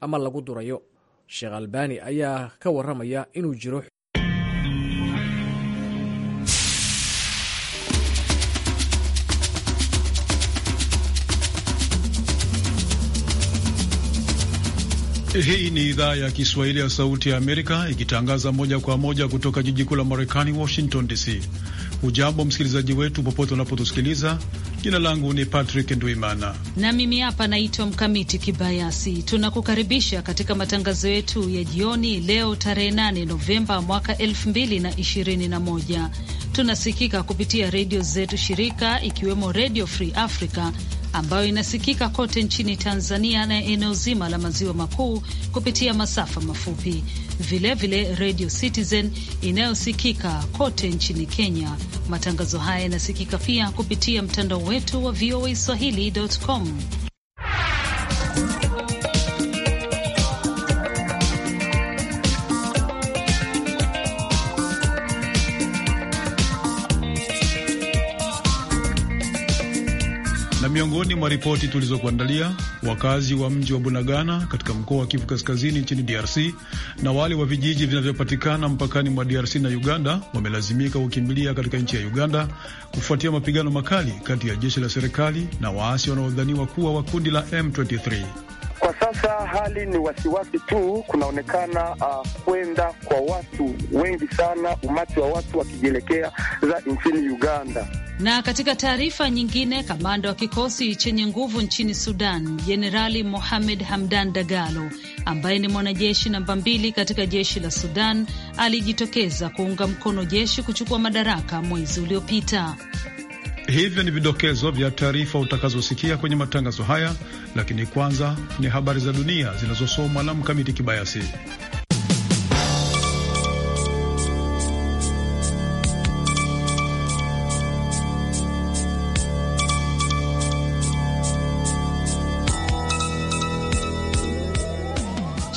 ama lagu durayo. Sheekh Albani ayaa ka waramaya inuu jiro Hii ni idhaa ya Kiswahili ya Sauti ya Amerika ikitangaza moja kwa moja kutoka jiji kuu la Marekani, Washington DC ujambo msikilizaji wetu popote unapotusikiliza. Jina langu ni Patrick nduimana na mimi hapa naitwa Mkamiti Kibayasi. Tunakukaribisha katika matangazo yetu ya jioni leo tarehe 8 Novemba mwaka 2021. Tunasikika kupitia redio zetu shirika ikiwemo Redio Free Africa ambayo inasikika kote nchini Tanzania na eneo zima la maziwa makuu kupitia masafa mafupi, vilevile Radio Citizen inayosikika kote nchini Kenya. Matangazo haya yanasikika pia kupitia mtandao wetu wa voa swahili.com. miongoni mwa ripoti tulizokuandalia, wakazi wa mji wa Bunagana katika mkoa wa Kivu Kaskazini nchini DRC na wale wa vijiji vinavyopatikana mpakani mwa DRC na Uganda wamelazimika kukimbilia katika nchi ya Uganda kufuatia mapigano makali kati ya jeshi la serikali na waasi wanaodhaniwa kuwa wa kundi la M23. Kwa sasa hali ni wasiwasi tu, kunaonekana uh, kwenda kwa watu wengi sana, umati wa watu wakijielekea za nchini Uganda. Na katika taarifa nyingine, kamanda wa kikosi chenye nguvu nchini Sudan, Jenerali Mohamed Hamdan Dagalo, ambaye ni mwanajeshi namba mbili katika jeshi la Sudan, alijitokeza kuunga mkono jeshi kuchukua madaraka mwezi uliopita. Hivyo ni vidokezo vya taarifa utakazosikia kwenye matangazo haya, lakini kwanza ni habari za dunia zinazosomwa na Mkamiti Kibayasi.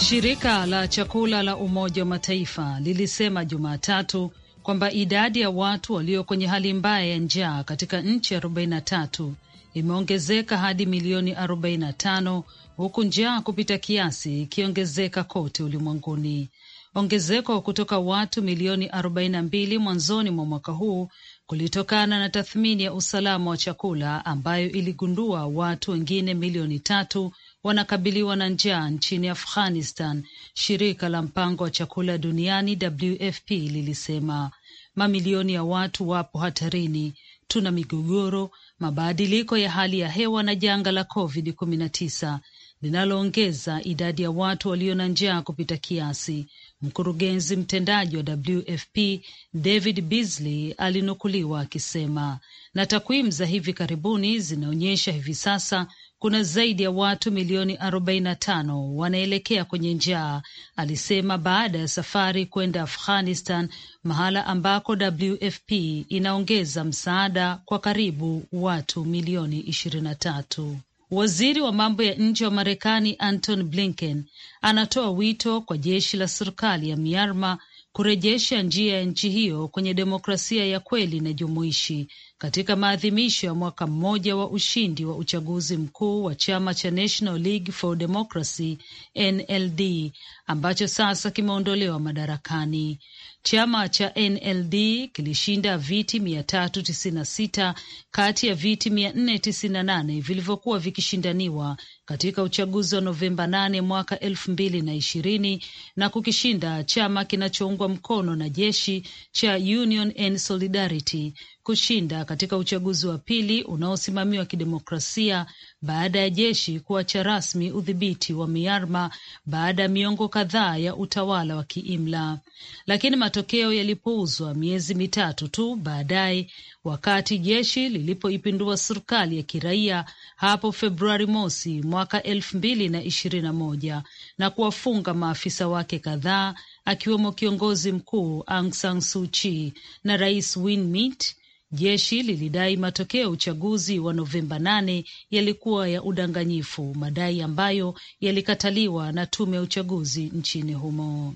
Shirika la chakula la Umoja wa Mataifa lilisema Jumatatu kwamba idadi ya watu walio kwenye hali mbaya ya njaa katika nchi 43 imeongezeka hadi milioni 45 huku njaa kupita kiasi ikiongezeka kote ulimwenguni. Ongezeko kutoka watu milioni 42 mwanzoni mwa mwaka huu kulitokana na tathmini ya usalama wa chakula ambayo iligundua watu wengine milioni tatu wanakabiliwa na njaa nchini Afghanistan, shirika la mpango wa chakula duniani WFP lilisema. Mamilioni ya watu wapo hatarini. Tuna migogoro, mabadiliko ya hali ya hewa na janga la COVID-19 linaloongeza idadi ya watu walio na njaa kupita kiasi. Mkurugenzi mtendaji wa WFP David Beasley alinukuliwa akisema, na takwimu za hivi karibuni zinaonyesha hivi sasa kuna zaidi ya watu milioni 45 wanaelekea kwenye njaa, alisema baada ya safari kwenda Afghanistan, mahala ambako WFP inaongeza msaada kwa karibu watu milioni 23. Waziri wa mambo ya nje wa Marekani Anton Blinken anatoa wito kwa jeshi la serikali ya Myanmar kurejesha njia ya nchi hiyo kwenye demokrasia ya kweli na jumuishi katika maadhimisho ya mwaka mmoja wa ushindi wa uchaguzi mkuu wa chama cha National League for Democracy NLD ambacho sasa kimeondolewa madarakani. Chama cha NLD kilishinda viti 396 kati ya viti 498 vilivyokuwa vikishindaniwa katika uchaguzi wa Novemba 8 mwaka elfu mbili na ishirini na kukishinda chama kinachoungwa mkono na jeshi cha Union and Solidarity kushinda katika uchaguzi wa pili unaosimamiwa kidemokrasia baada ya jeshi kuacha rasmi udhibiti wa Myanmar baada ya miongo kadhaa ya utawala wa kiimla, lakini matokeo yalipouzwa miezi mitatu tu baadaye wakati jeshi lilipoipindua serikali ya kiraia hapo Februari mosi mwaka elfu mbili na ishirini na moja na kuwafunga maafisa wake kadhaa akiwemo kiongozi mkuu Aung San Suu Kyi na rais Win Myint Jeshi lilidai matokeo ya uchaguzi wa Novemba nane yalikuwa ya udanganyifu, madai ambayo yalikataliwa na tume ya uchaguzi nchini humo.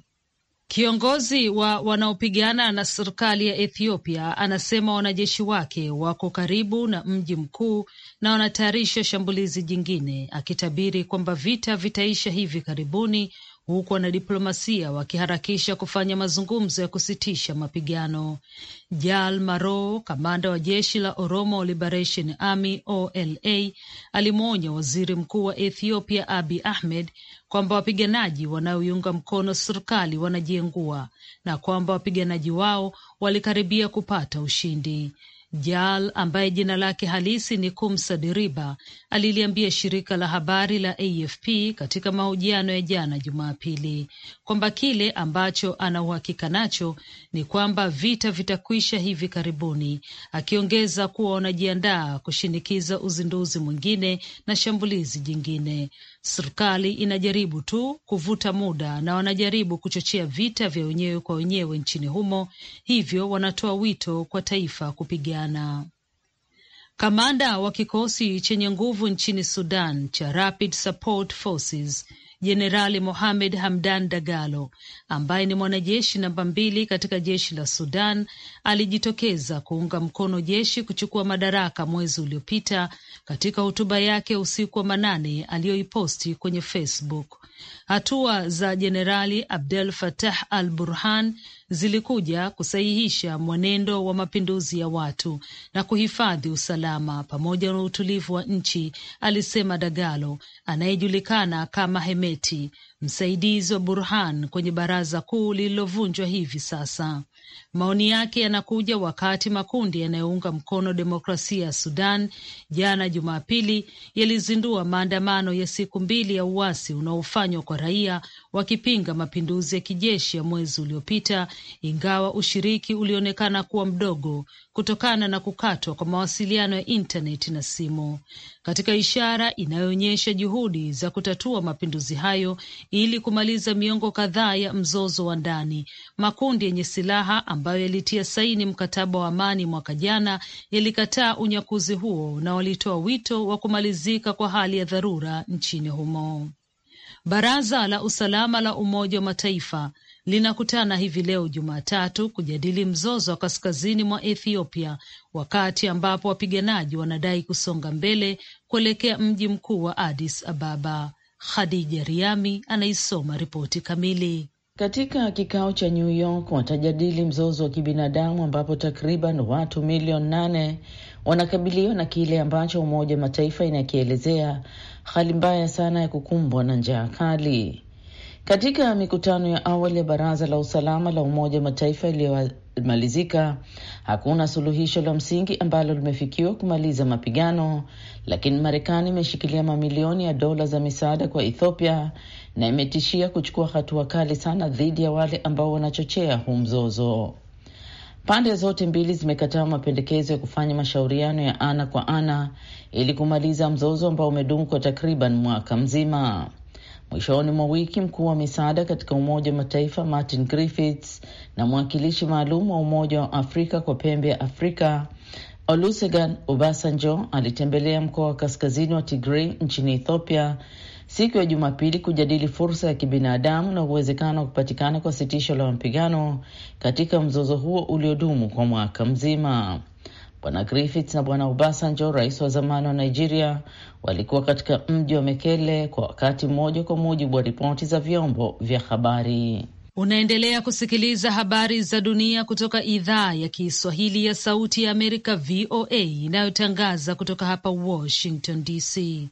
Kiongozi wa wanaopigana na serikali ya Ethiopia anasema wanajeshi wake wako karibu na mji mkuu na wanatayarisha shambulizi jingine, akitabiri kwamba vita vitaisha hivi karibuni huku wanadiplomasia wakiharakisha kufanya mazungumzo ya kusitisha mapigano. Jal Maro, kamanda wa jeshi la Oromo Liberation Army OLA, alimwonya waziri mkuu wa Ethiopia Abi Ahmed kwamba wapiganaji wanaoiunga mkono serikali wanajiengua na kwamba wapiganaji wao walikaribia kupata ushindi. Jal ambaye jina lake halisi ni Kumsa Diriba aliliambia shirika la habari la AFP katika mahojiano ya jana Jumapili kwamba kile ambacho ana uhakika nacho ni kwamba vita vitakwisha hivi karibuni, akiongeza kuwa wanajiandaa kushinikiza uzinduzi mwingine na shambulizi jingine. Serikali inajaribu tu kuvuta muda na wanajaribu kuchochea vita vya wenyewe kwa wenyewe nchini humo, hivyo wanatoa wito kwa taifa kupigana jana. Kamanda wa kikosi chenye nguvu nchini Sudan cha Rapid Support Forces Jenerali Mohamed Hamdan Dagalo ambaye ni mwanajeshi namba mbili katika jeshi la Sudan alijitokeza kuunga mkono jeshi kuchukua madaraka mwezi uliopita katika hotuba yake usiku wa manane aliyoiposti kwenye Facebook. Hatua za Jenerali Abdel Fattah al-Burhan zilikuja kusahihisha mwenendo wa mapinduzi ya watu na kuhifadhi usalama pamoja na utulivu wa nchi, alisema Dagalo anayejulikana kama Hemeti, msaidizi wa Burhan kwenye baraza kuu lililovunjwa hivi sasa. Maoni yake yanakuja wakati makundi yanayounga mkono demokrasia ya Sudan jana Jumapili yalizindua maandamano ya siku mbili ya uasi unaofanywa kwa raia wakipinga mapinduzi ya kijeshi ya mwezi uliopita, ingawa ushiriki ulionekana kuwa mdogo kutokana na kukatwa kwa mawasiliano ya intaneti na simu, katika ishara inayoonyesha juhudi za kutatua mapinduzi hayo ili kumaliza miongo kadhaa ya mzozo wa ndani. Makundi yenye silaha ambayo yalitia saini mkataba wa amani mwaka jana yalikataa unyakuzi huo na walitoa wito wa kumalizika kwa hali ya dharura nchini humo. Baraza la Usalama la Umoja wa Mataifa linakutana hivi leo Jumatatu kujadili mzozo wa kaskazini mwa Ethiopia, wakati ambapo wapiganaji wanadai kusonga mbele kuelekea mji mkuu wa Addis Ababa. Khadija Riami anaisoma ripoti kamili. Katika kikao cha New York watajadili mzozo wa kibinadamu ambapo takriban watu milioni nane wanakabiliwa na kile ambacho Umoja wa Mataifa inakielezea hali mbaya sana ya kukumbwa na njaa kali. Katika mikutano ya awali ya Baraza la Usalama la Umoja wa Mataifa iliyomalizika, hakuna suluhisho la msingi ambalo limefikiwa kumaliza mapigano, lakini Marekani imeshikilia mamilioni ya dola za misaada kwa Ethiopia na imetishia kuchukua hatua kali sana dhidi ya wale ambao wanachochea huu mzozo. Pande zote mbili zimekataa mapendekezo ya kufanya mashauriano ya ana kwa ana ili kumaliza mzozo ambao umedumu kwa takriban mwaka mzima. Mwishoni mwa wiki, mkuu wa misaada katika Umoja wa Mataifa Martin Griffiths na mwakilishi maalum wa Umoja wa Afrika kwa pembe ya Afrika Olusegun Obasanjo alitembelea mkoa wa kaskazini wa Tigray nchini Ethiopia siku ya Jumapili kujadili fursa ya kibinadamu na uwezekano wa kupatikana kwa sitisho la mapigano katika mzozo huo uliodumu kwa mwaka mzima. Bwana Griffiths na Bwana Obasanjo, rais wa zamani wa Nigeria, walikuwa katika mji wa Mekele kwa wakati mmoja, kwa mujibu wa ripoti za vyombo vya habari. Unaendelea kusikiliza habari za dunia kutoka idhaa ya Kiswahili ya Sauti ya Amerika, VOA, inayotangaza kutoka hapa Washington DC.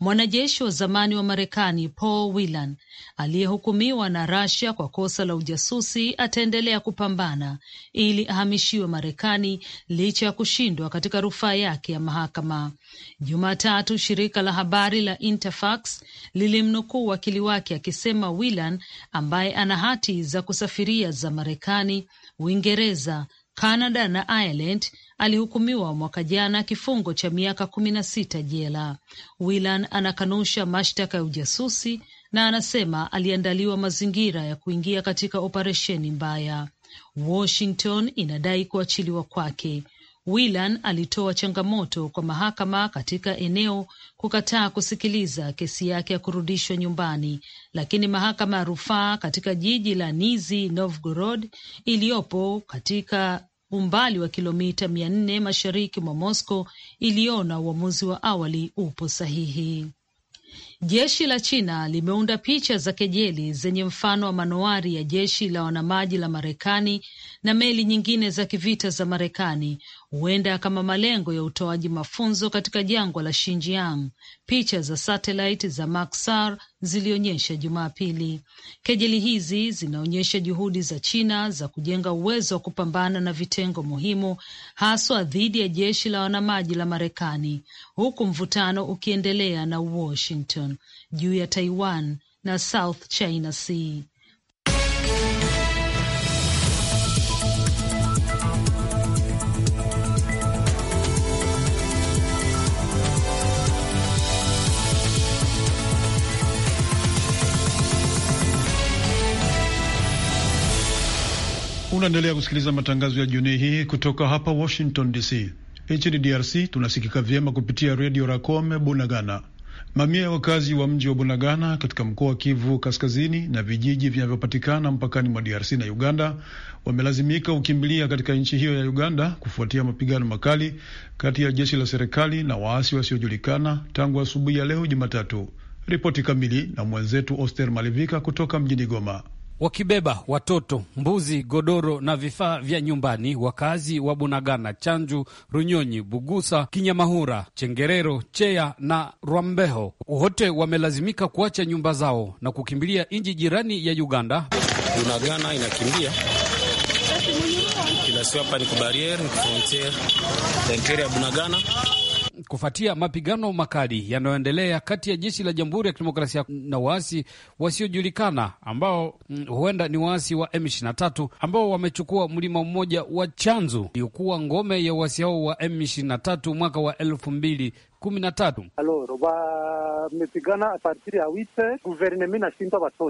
Mwanajeshi wa zamani wa Marekani Paul Whelan aliyehukumiwa na Russia kwa kosa la ujasusi ataendelea kupambana ili ahamishiwe Marekani licha ya kushindwa katika rufaa yake ya mahakama. Jumatatu, shirika la habari la Interfax lilimnukuu wakili wake akisema Whelan ambaye ana hati za kusafiria za Marekani, Uingereza, canada na Ireland alihukumiwa mwaka jana kifungo cha miaka kumi na sita jela. Whelan anakanusha mashtaka ya ujasusi na anasema aliandaliwa mazingira ya kuingia katika operesheni mbaya. Washington inadai kuachiliwa kwake. Whelan alitoa changamoto kwa mahakama katika eneo kukataa kusikiliza kesi yake ya kurudishwa nyumbani, lakini mahakama ya rufaa katika jiji la Nizi Novgorod iliyopo katika umbali wa kilomita mia nne mashariki mwa mosco iliona uamuzi wa awali upo sahihi. Jeshi la China limeunda picha za kejeli zenye mfano wa manowari ya jeshi la wanamaji la Marekani na meli nyingine za kivita za Marekani huenda kama malengo ya utoaji mafunzo katika jangwa la Xinjiang, picha za satelaiti za Maxar zilionyesha Jumapili. Kejeli hizi zinaonyesha juhudi za China za kujenga uwezo wa kupambana na vitengo muhimu haswa dhidi ya jeshi la wanamaji la Marekani, huku mvutano ukiendelea na Washington juu ya Taiwan na South China Sea. Unaendelea kusikiliza matangazo ya jioni hii kutoka hapa Washington DC. Nchini DRC tunasikika vyema kupitia redio racome Bunagana. Mamia ya wakazi wa mji wa Bunagana katika mkoa wa Kivu Kaskazini na vijiji vinavyopatikana mpakani mwa DRC na Uganda wamelazimika kukimbilia katika nchi hiyo ya Uganda kufuatia mapigano makali kati ya jeshi la serikali na waasi wasiojulikana tangu asubuhi ya leo Jumatatu. Ripoti kamili na mwenzetu Oster Malivika kutoka mjini Goma wakibeba watoto, mbuzi, godoro na vifaa vya nyumbani. Wakazi wa Bunagana, Chanju, Runyonyi, Bugusa, Kinyamahura, Chengerero, Cheya na Rwambeho wote wamelazimika kuacha nyumba zao na kukimbilia nchi jirani ya Uganda. Bunagana inakimbia kila sio, hapa ni kubarier frontiere ya Bunagana kufuatia mapigano makali yanayoendelea kati ya jeshi la Jamhuri ya Kidemokrasia na waasi wasiojulikana ambao mm, huenda ni waasi wa M23 ambao wamechukua mlima mmoja wa Chanzu iliyokuwa ngome ya waasi hao wa M23 mwaka wa elfu mbili kumi na tatu wamepigana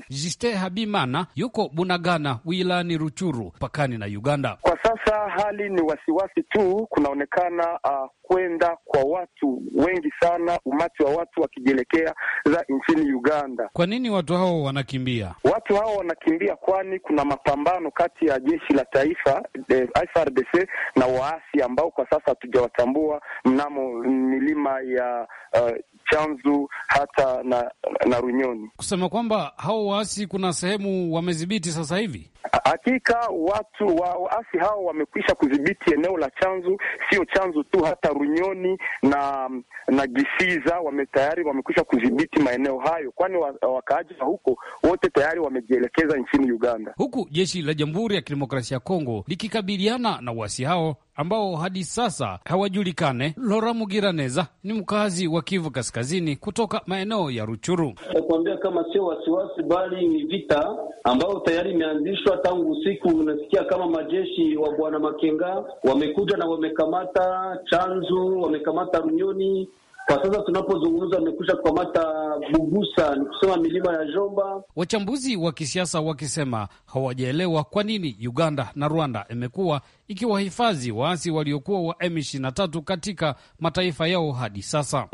Jiste Habimana yuko Bunagana wilani Ruchuru pakani na Uganda. Kwa sasa hali ni wasiwasi tu, kunaonekana uh, kwenda kwa watu wengi sana, umati wa watu wakijielekea za nchini Uganda. Kwa nini watu hao wanakimbia? Watu hao wanakimbia kwani kuna mapambano kati ya jeshi la taifa de, eh, FARDC na waasi ambao kwa sasa hatujawatambua mnamo milima ya uh, Chanzu hata na, na Runyoni, kusema kwamba hao waasi kuna sehemu wamedhibiti sasa hivi. Hakika watu wa waasi hao wamekwisha kudhibiti eneo la Chanzu, sio Chanzu tu, hata Runyoni na na Gisiza wame tayari wamekwisha kudhibiti maeneo hayo, kwani wakaaji wa huko wote tayari wamejielekeza nchini Uganda, huku jeshi la Jamhuri ya Kidemokrasia ya Kongo likikabiliana na waasi hao ambao hadi sasa hawajulikane. Lora Mugiraneza ni mkazi wa Kivu Kaskazini kaskazini kutoka maeneo ya Ruchuru. Takuambia kama sio wasiwasi, bali ni vita ambayo tayari imeanzishwa tangu usiku. Unasikia kama majeshi wa bwana Makenga wamekuja na wamekamata Chanzu, wamekamata Runyoni. Kwa sasa tunapozungumza wamekusha kukamata Bugusa, ni kusema milima ya Jomba. Wachambuzi wa kisiasa wakisema hawajaelewa kwa nini Uganda na Rwanda imekuwa ikiwahifadhi waasi waliokuwa wa M23 katika mataifa yao hadi sasa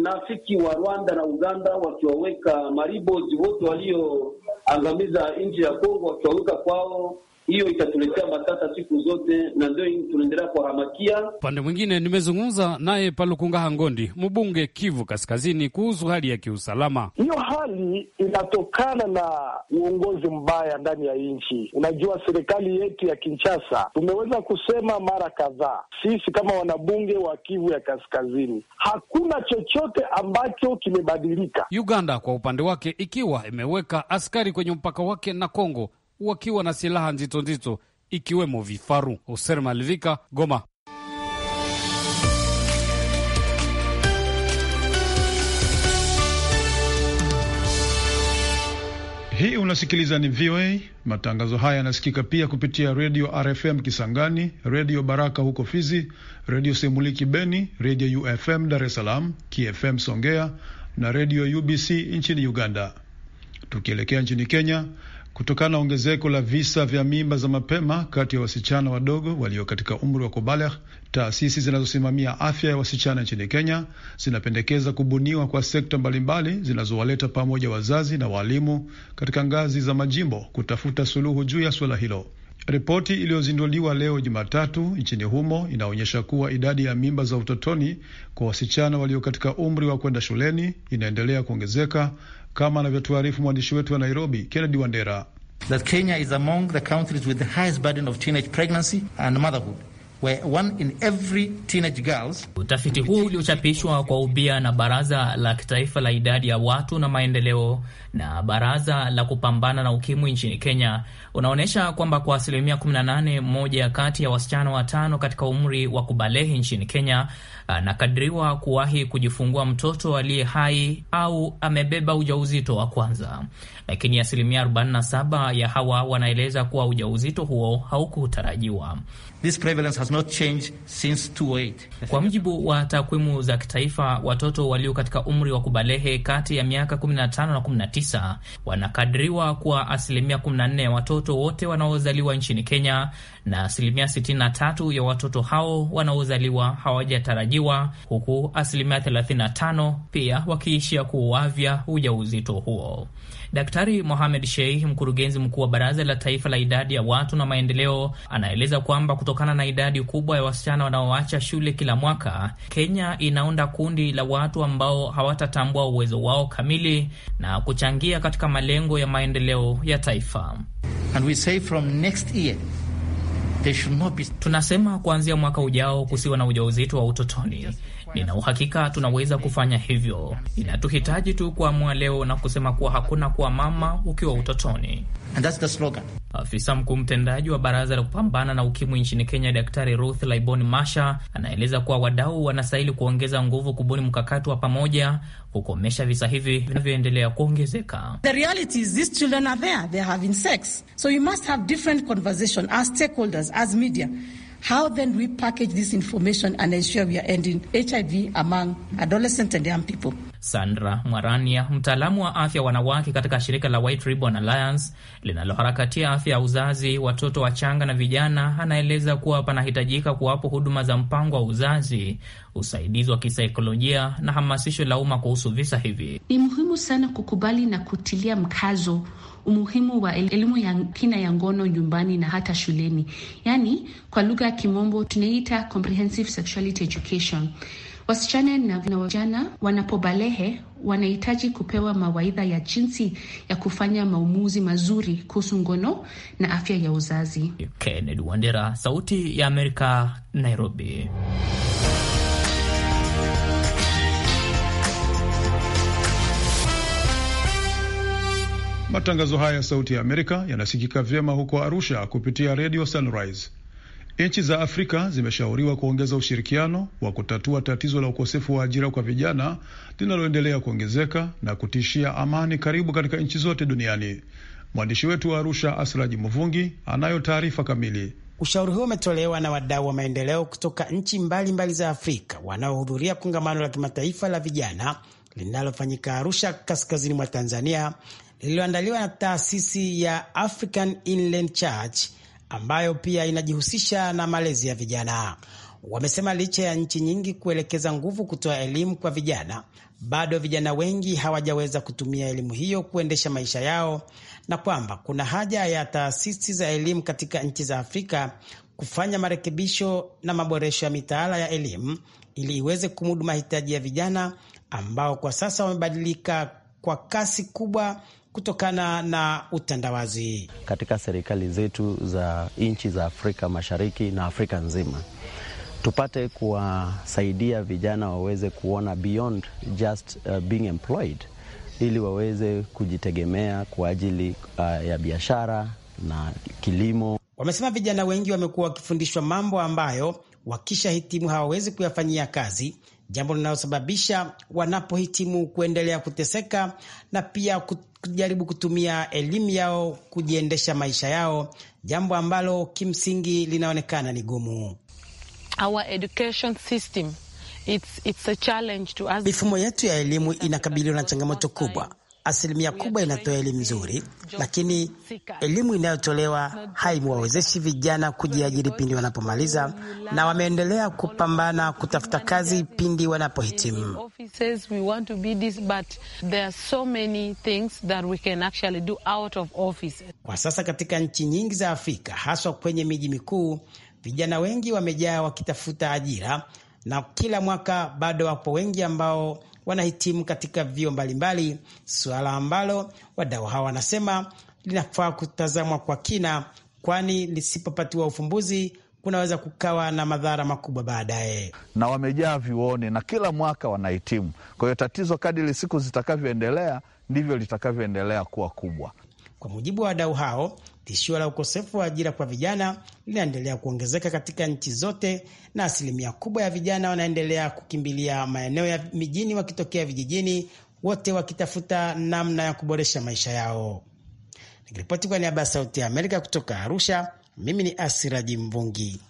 unafiki wa Rwanda na Uganda, wakiwaweka maribozi wote walioangamiza nchi ya Kongo, wakiwaweka kwao hiyo itatuletea matata siku zote, na ndio hii tunaendelea kuhamakia. Upande mwingine, nimezungumza naye palukunga hangondi mbunge Kivu Kaskazini, kuhusu hali ya kiusalama. Hiyo hali inatokana na uongozi mbaya ndani ya nchi. Unajua, serikali yetu ya Kinshasa, tumeweza kusema mara kadhaa, sisi kama wanabunge wa Kivu ya Kaskazini, hakuna chochote ambacho kimebadilika. Uganda kwa upande wake, ikiwa imeweka askari kwenye mpaka wake na Kongo wakiwa na silaha nzito nzito ikiwemo vifaru. Hoser Malivika, Goma. Hii unasikiliza ni VOA. Matangazo haya yanasikika pia kupitia redio RFM Kisangani, redio Baraka huko Fizi, redio Semuliki Beni, redio UFM Dar es Salaam, KFM Songea na redio UBC nchini Uganda. Tukielekea nchini Kenya, kutokana na ongezeko la visa vya mimba za mapema kati ya wasichana wadogo walio katika umri wa kobale Taasisi zinazosimamia afya ya wasichana nchini Kenya zinapendekeza kubuniwa kwa sekta mbalimbali zinazowaleta pamoja wazazi na waalimu katika ngazi za majimbo kutafuta suluhu juu ya suala hilo. Ripoti iliyozinduliwa leo Jumatatu nchini humo inaonyesha kuwa idadi ya mimba za utotoni kwa wasichana walio katika umri wa kwenda shuleni inaendelea kuongezeka kama anavyotuarifu mwandishi wetu wa Nairobi, Kennedy Wandera. That Kenya is among the countries with the highest burden of teenage pregnancy and motherhood where one in every teenage girls. Utafiti huu uliochapishwa kwa ubia na Baraza la Kitaifa la Idadi ya Watu na Maendeleo na Baraza la Kupambana na Ukimwi nchini Kenya unaonyesha kwamba kwa asilimia 18, ya kati ya wasichana watano katika umri wa kubalehi nchini Kenya anakadiriwa kuwahi kujifungua mtoto aliye hai au amebeba ujauzito wa kwanza lakini asilimia 47 ya hawa wanaeleza kuwa ujauzito huo haukutarajiwa. Kwa mujibu wa takwimu za kitaifa, watoto walio katika umri wa kubalehe kati ya miaka 15 na 19 wanakadiriwa kuwa asilimia 14 ya watoto wote wanaozaliwa nchini Kenya na asilimia 63 ya watoto hao wanaozaliwa hawajatarajiwa, huku asilimia 35 pia wakiishia kuuavya ujauzito huo. Daktari Mohamed Sheikh, mkurugenzi mkuu wa Baraza la Taifa la Idadi ya Watu na Maendeleo, anaeleza kwamba kutokana na idadi kubwa ya wasichana wanaoacha shule kila mwaka, Kenya inaunda kundi la watu ambao hawatatambua uwezo wao kamili na kuchangia katika malengo ya maendeleo ya taifa. And we say from next year be... tunasema kuanzia mwaka ujao kusiwa na ujauzito wa utotoni Nina uhakika tunaweza kufanya hivyo, inatuhitaji tu kuamua leo na kusema kuwa hakuna kuwa mama ukiwa utotoni. And that's the slogan. Afisa mkuu mtendaji wa baraza la kupambana na ukimwi nchini Kenya, Daktari Ruth Laibon Masha anaeleza kuwa wadau wanastahili kuongeza nguvu kubuni mkakati wa pamoja kukomesha visa hivi vinavyoendelea kuongezeka. The reality is these children are there, they are having sex. So must have different conversation as stakeholders, as media. How then we package this information and ensure we are ending HIV among adolescents and young people? Sandra Mwarania, mtaalamu wa afya wanawake katika shirika la White Ribbon Alliance linaloharakatia afya ya uzazi, watoto wachanga na vijana, anaeleza kuwa panahitajika kuwapo huduma za mpango wa uzazi, usaidizi wa kisaikolojia na hamasisho la umma kuhusu visa hivi. Ni muhimu sana kukubali na kutilia mkazo umuhimu wa elimu ya kina ya ngono nyumbani na hata shuleni, yaani kwa lugha ya Kimombo tunaita comprehensive sexuality education. Wasichana na vijana wanapobalehe wanahitaji kupewa mawaidha ya jinsi ya kufanya maamuzi mazuri kuhusu ngono na afya ya uzazi. Kennedy Wandera, Sauti ya Amerika, Nairobi. Matangazo haya ya Sauti ya Amerika yanasikika vyema huko Arusha kupitia Radio Sunrise. Nchi za Afrika zimeshauriwa kuongeza ushirikiano wa kutatua tatizo la ukosefu wa ajira kwa vijana linaloendelea kuongezeka na kutishia amani karibu katika nchi zote duniani. Mwandishi wetu wa Arusha, Asraji Muvungi, anayo taarifa kamili. Ushauri huo umetolewa na wadau wa maendeleo kutoka nchi mbalimbali mbali za Afrika wanaohudhuria kongamano la kimataifa la vijana linalofanyika Arusha, kaskazini mwa Tanzania, lililoandaliwa na taasisi ya African Inland Church ambayo pia inajihusisha na malezi ya vijana. Wamesema licha ya nchi nyingi kuelekeza nguvu kutoa elimu kwa vijana, bado vijana wengi hawajaweza kutumia elimu hiyo kuendesha maisha yao, na kwamba kuna haja ya taasisi za elimu katika nchi za Afrika kufanya marekebisho na maboresho ya mitaala ya elimu ili iweze kumudu mahitaji ya vijana ambao kwa sasa wamebadilika kwa kasi kubwa kutokana na utandawazi katika serikali zetu za nchi za Afrika Mashariki na Afrika nzima tupate kuwasaidia vijana waweze kuona beyond just uh, being employed ili waweze kujitegemea kwa ajili uh, ya biashara na kilimo. Wamesema vijana wengi wamekuwa wakifundishwa mambo ambayo wakisha hitimu hawawezi kuyafanyia kazi, jambo linalosababisha wanapohitimu kuendelea kuteseka na pia kujaribu kutumia elimu yao kujiendesha maisha yao, jambo ambalo kimsingi linaonekana ni gumu. Our education system It's, it's a challenge to us. Mifumo yetu ya elimu inakabiliwa na changamoto kubwa asilimia kubwa inatoa elimu nzuri, lakini elimu inayotolewa haimwawezeshi vijana kujiajiri pindi wanapomaliza, na wameendelea kupambana kutafuta kazi pindi wanapohitimu. Kwa sasa katika nchi nyingi za Afrika, haswa kwenye miji mikuu, vijana wengi wamejaa wakitafuta ajira, na kila mwaka bado wapo wengi ambao wanahitimu katika vyuo mbalimbali, suala ambalo wadau hawa wanasema linafaa kutazamwa kwa kina, kwani lisipopatiwa ufumbuzi kunaweza kukawa na madhara makubwa baadaye. Na wamejaa vyuoni na kila mwaka wanahitimu. Kwa hiyo tatizo kadiri siku zitakavyoendelea ndivyo litakavyoendelea kuwa kubwa. Kwa mujibu wa wadau hao, Tishio la ukosefu wa ajira kwa vijana linaendelea kuongezeka katika nchi zote, na asilimia kubwa ya vijana wanaendelea kukimbilia maeneo ya mijini wakitokea vijijini, wote wakitafuta namna ya kuboresha maisha yao. Nikiripoti kwa niaba ya Sauti ya Amerika kutoka Arusha, mimi ni Asiraji Mvungi.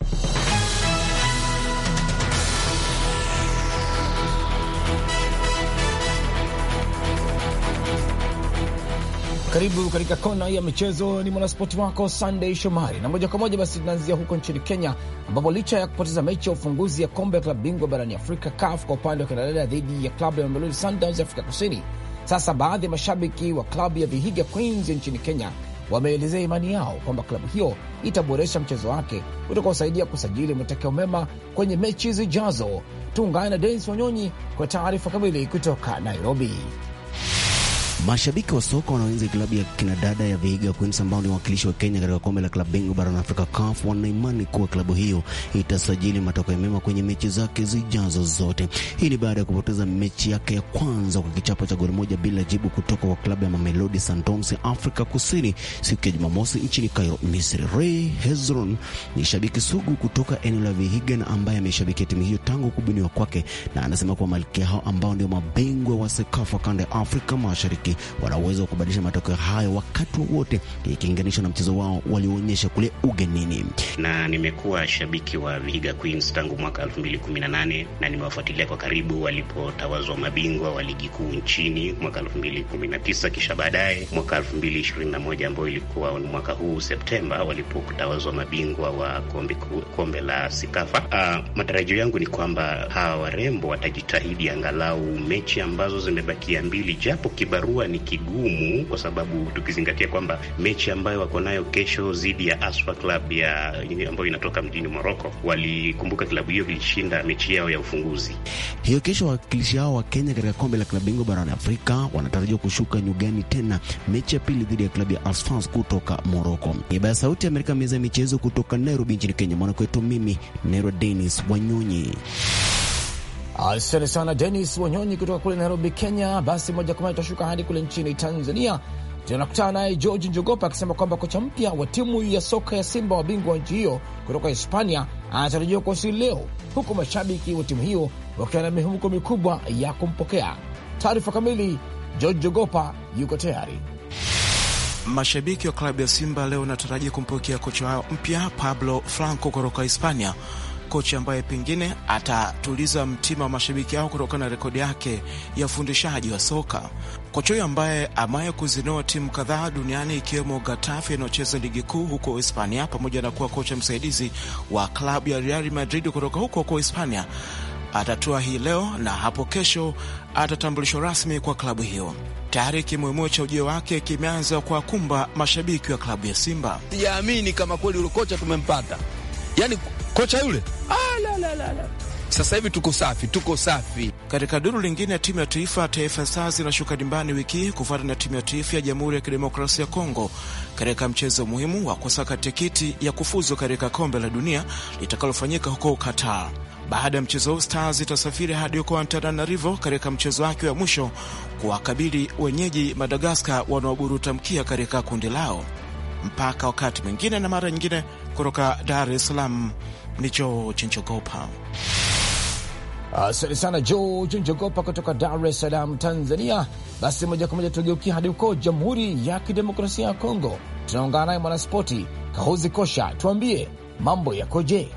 Karibu katika kona ya michezo, ni mwanaspoti wako Sunday Shomari, na moja kwa moja basi tunaanzia huko nchini Kenya, ambapo licha ya kupoteza mechi ya ufunguzi ya kombe ya klabu bingwa barani Afrika CAF kwa upande wa kinadada dhidi ya klabu ya Mamelodi Sundowns ya Afrika Kusini, sasa baadhi ya mashabiki wa klabu ya Vihiga Queens ya nchini Kenya wameelezea imani yao kwamba klabu hiyo itaboresha mchezo wake utakaosaidia kusajili matokeo mema kwenye mechi zijazo. Tuungane na Denis Wanyonyi kwa taarifa kamili kutoka Nairobi. Mashabiki wa soka wanaoenzi klabu ya kinadada ya Vihiga Queens ambao ni wakilishi wa Kenya katika kombe la klabu bingwa barani Afrika CAF imani kuwa klabu hiyo itasajili matokeo mema kwenye mechi zake zijazo zote. Hii ni baada ya kupoteza mechi yake ya kwanza kwa kichapo cha goli moja bila jibu kutoka kwa klabu ya Mamelodi Sundowns ya Afrika Kusini siku ya Jumamosi nchini Cairo, Misri. Ray Hezron ni shabiki sugu kutoka eneo la Vihiga na ambaye ameshabikia timu hiyo tangu kubuniwa kwake, na anasema kuwa malkia hao ambao ndio mabingwa wa Sekafa kanda ya Afrika Mashariki wake wana uwezo wa kubadilisha matokeo hayo wakati wowote ikilinganishwa na mchezo wao walioonyesha kule ugenini. Na nimekuwa shabiki wa Vihiga Queens tangu mwaka 2018 na nimewafuatilia kwa karibu walipotawazwa mabingwa wa ligi kuu nchini mwaka 2019, kisha baadaye mwaka 2021 ambao ilikuwa mwaka huu Septemba, walipotawazwa mabingwa wa kombe, kombe la Sikafa. Uh, matarajio yangu ni kwamba hawa warembo watajitahidi angalau mechi ambazo zimebakia mbili, japo kibarua kitakuwa ni kigumu, kwa sababu tukizingatia kwamba mechi ambayo wako nayo kesho dhidi ya Aswa Club ya ambayo inatoka mjini Morocco, walikumbuka klabu hiyo ilishinda mechi yao ya ufunguzi hiyo kesho. Wawakilishi hao wa Kenya katika kombe la klabu bingwa barani Afrika wanatarajiwa kushuka nyugani tena mechi ya pili dhidi ya klabu ya Al kutoka Morocco. Niaba ya Sauti ya Amerika, meza ya michezo kutoka Nairobi nchini Kenya, mwanakwetu mimi Nairo Denis Wanyonyi. Asante sana Denis Wanyonyi kutoka kule Nairobi, Kenya. Basi moja kwa moja tutashuka hadi kule nchini Tanzania, tunakutana naye George Njogopa akisema kwamba kocha mpya wa timu ya soka ya Simba wabingwa wa nchi hiyo kutoka Hispania anatarajiwa kuwasili leo, huku mashabiki wa timu hiyo wakiwa na mihumko mikubwa ya kumpokea. Taarifa kamili, George Njogopa yuko tayari. Mashabiki wa klabu ya Simba leo wanatarajia kumpokea kocha wao mpya Pablo Franco kutoka Hispania kocha ambaye pengine atatuliza mtima wa mashabiki hao kutokana na rekodi yake ya ufundishaji wa soka. Kocha huyo ambaye amaye kuzinoa timu kadhaa duniani ikiwemo Getafe inayocheza ligi kuu huko Hispania, pamoja na kuwa kocha msaidizi wa klabu ya Real Madrid kutoka huko huko Hispania, atatua hii leo na hapo kesho atatambulishwa rasmi kwa klabu hiyo. Tayari kimwemue cha ujio wake kimeanza kuwakumba mashabiki wa klabu ya Simba. Sijaamini kama kweli ulokocha tumempata yani kocha yule ah, la, la, la, la. Sasa hivi tuko safi, tuko safi. Katika duru lingine ya timu ya taifa Taifa Stars inashuka dimbani wiki hii kufuatana na timu ya taifa ya Jamhuri ya Kidemokrasia ya Kongo katika mchezo muhimu wa kusaka tikiti ya kufuzu katika kombe la dunia litakalofanyika huko Qatar. Baada ya mchezo huu, Stars itasafiri hadi huko Antananarivo katika mchezo wake wa mwisho kuwakabili wenyeji Madagaskar wanaoburuta mkia katika kundi lao mpaka wakati mwingine na mara nyingine. Kutoka Dar es Salaam ni George Njogopa. Asante sana George Njogopa kutoka Dar es Salaam, Tanzania. Basi moja kwa moja tugeukia hadi huko Jamhuri ya Kidemokrasia ya Kongo, tunaungana naye mwanaspoti Kahozi Kosha, tuambie mambo yakoje?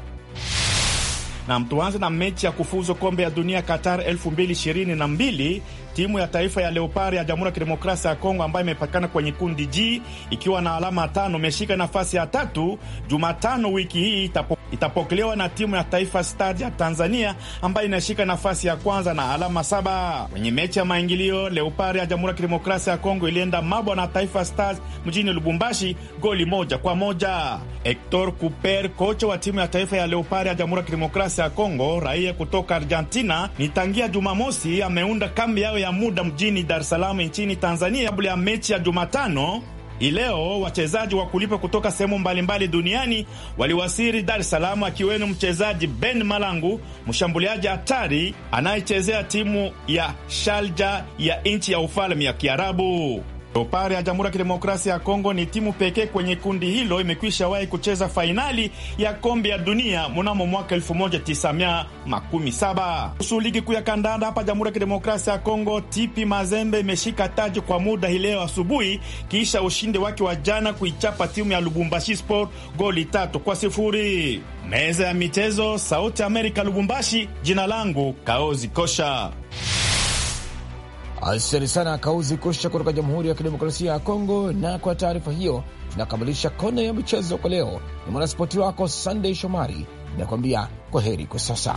Na tuanze na mechi ya kufuzu kombe ya dunia Qatar 2022 timu ya taifa ya Leopard ya Jamhuri ya Kidemokrasia ya Kongo ambayo imepatikana kwenye kundi G ikiwa na alama tano imeshika nafasi ya tatu. Jumatano wiki hii itapo itapokelewa na timu ya Taifa Stars ya Tanzania ambayo inashika nafasi ya kwanza na alama saba. Kwenye mechi ya maingilio, Leopard ya Jamhuri ya Kidemokrasia ya Kongo ilienda mabwa na Taifa Stars mjini Lubumbashi goli moja kwa moja. Hector Cuper, kocha wa timu ya taifa ya Leopard ya Jamhuri ya Kidemokrasia ya Kongo, raia kutoka Argentina, ni tangia Jumamosi ameunda kambi yao ya muda mjini Dar es Salaam nchini Tanzania kabla ya mechi ya Jumatano hii leo wachezaji wa kulipa kutoka sehemu mbalimbali duniani waliwasili Dar es Salaam, akiwemo mchezaji Ben Malangu, mshambuliaji hatari anayechezea timu ya shalja ya nchi ya ufalme ya Kiarabu. Leopare ya Jamhuri ya Kidemokrasia ya Kongo ni timu pekee kwenye kundi hilo imekwisha wahi kucheza fainali ya kombe ya dunia mnamo mwaka 1917. Kuhusu ligi kuu ya kandanda hapa Jamhuri ya Kidemokrasia ya Kongo, Tipi Mazembe imeshika taji kwa muda hii leo asubuhi kisha ushindi wake wa jana kuichapa timu ya Lubumbashi Sport goli tatu kwa sifuri. Meza ya michezo, Sauti Amerika, Lubumbashi. Jina langu Kaozi Kosha. Asante sana Kauzi Kusha kutoka Jamhuri ya Kidemokrasia ya Kongo. Na kwa taarifa hiyo tunakamilisha kona ya michezo kwa leo. Ni mwanaspoti wako Sandey Shomari nakuambia kwa heri kwa sasa.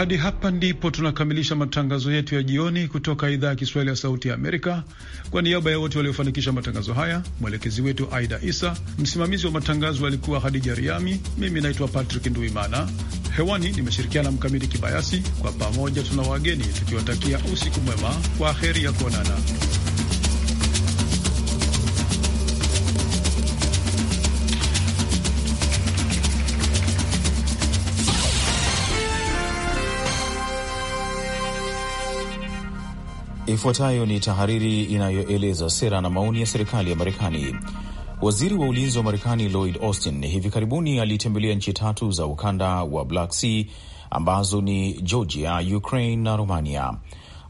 Hadi hapa ndipo tunakamilisha matangazo yetu ya jioni kutoka idhaa ya Kiswahili ya Sauti ya Amerika. Kwa niaba ya wote waliofanikisha matangazo haya, mwelekezi wetu Aida Isa, msimamizi wa matangazo alikuwa Hadija Riami, mimi naitwa Patrick Nduimana. Hewani nimeshirikiana Mkamiti Kibayasi. Kwa pamoja tuna wageni tukiwatakia usiku mwema, kwa heri ya kuonana. Ifuatayo ni tahariri inayoeleza sera na maoni ya serikali ya Marekani. Waziri wa ulinzi wa Marekani Lloyd Austin hivi karibuni alitembelea nchi tatu za ukanda wa Black Sea ambazo ni Georgia, Ukraine na Romania.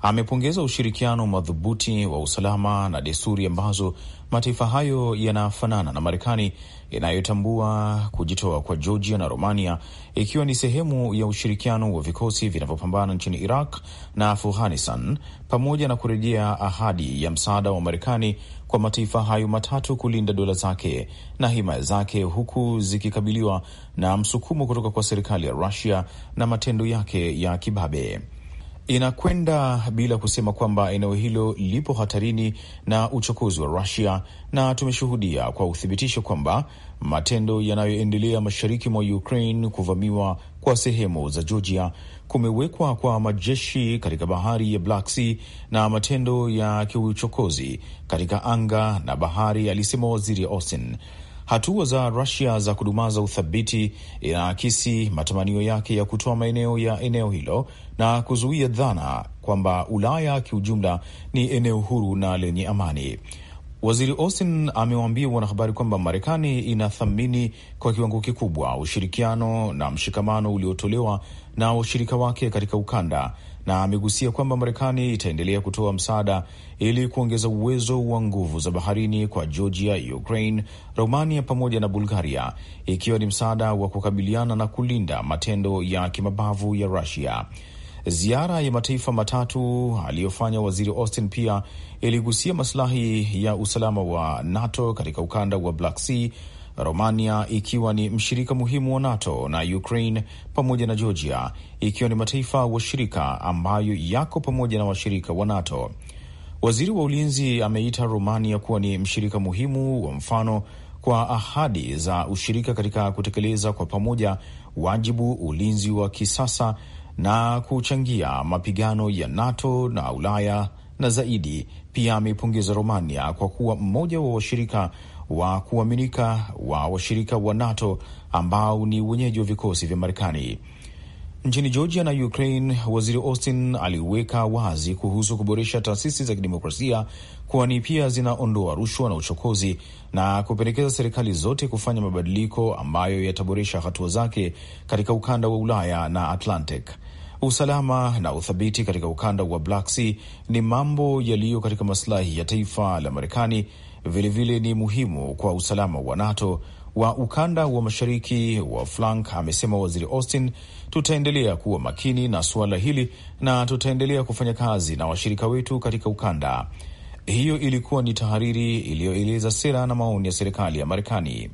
Amepongeza ushirikiano madhubuti wa usalama na desturi ambazo mataifa hayo yanafanana na Marekani inayotambua kujitoa kwa Georgia na Romania, ikiwa ni sehemu ya ushirikiano wa vikosi vinavyopambana nchini Iraq na Afghanistan, pamoja na kurejea ahadi ya msaada wa Marekani kwa mataifa hayo matatu kulinda dola zake na himaya zake, huku zikikabiliwa na msukumo kutoka kwa serikali ya Rusia na matendo yake ya kibabe inakwenda bila kusema kwamba eneo hilo lipo hatarini na uchokozi wa Rusia, na tumeshuhudia kwa uthibitisho kwamba matendo yanayoendelea mashariki mwa Ukraine, kuvamiwa kwa sehemu za Georgia, kumewekwa kwa majeshi katika bahari ya Black Sea na matendo ya kiuchokozi katika anga na bahari, alisema Waziri Austin. Hatua za Rusia za kudumaza uthabiti inaakisi matamanio yake ya kutoa maeneo ya eneo hilo na kuzuia dhana kwamba Ulaya kiujumla ni eneo huru na lenye amani. Waziri Austin amewaambia wanahabari kwamba Marekani inathamini kwa kiwango kikubwa ushirikiano na mshikamano uliotolewa na washirika wake katika ukanda na amegusia kwamba Marekani itaendelea kutoa msaada ili kuongeza uwezo wa nguvu za baharini kwa Georgia, Ukraine, Romania pamoja na Bulgaria, ikiwa ni msaada wa kukabiliana na kulinda matendo ya kimabavu ya Rusia. Ziara ya mataifa matatu aliyofanya waziri Austin pia iligusia masilahi ya usalama wa NATO katika ukanda wa Black Sea Romania ikiwa ni mshirika muhimu wa NATO na Ukraine pamoja na Georgia ikiwa ni mataifa washirika ambayo yako pamoja na washirika wa NATO. Waziri wa ulinzi ameita Romania kuwa ni mshirika muhimu wa mfano kwa ahadi za ushirika katika kutekeleza kwa pamoja wajibu ulinzi wa kisasa na kuchangia mapigano ya NATO na Ulaya na zaidi. Pia ameipongeza Romania kwa kuwa mmoja wa washirika wa kuaminika wa washirika wa NATO ambao ni wenyeji wa vikosi vya Marekani nchini Georgia na Ukraine. Waziri Austin aliweka wazi kuhusu kuboresha taasisi za kidemokrasia, kwani pia zinaondoa rushwa na uchokozi, na kupendekeza serikali zote kufanya mabadiliko ambayo yataboresha hatua zake katika ukanda wa Ulaya na Atlantic. Usalama na uthabiti katika ukanda wa Black Sea ni mambo yaliyo katika masilahi ya taifa la Marekani vilevile vile ni muhimu kwa usalama wa NATO wa ukanda wa mashariki wa flank, amesema waziri Austin. Tutaendelea kuwa makini na suala hili na tutaendelea kufanya kazi na washirika wetu katika ukanda. Hiyo ilikuwa ni tahariri iliyoeleza sera na maoni ya serikali ya Marekani.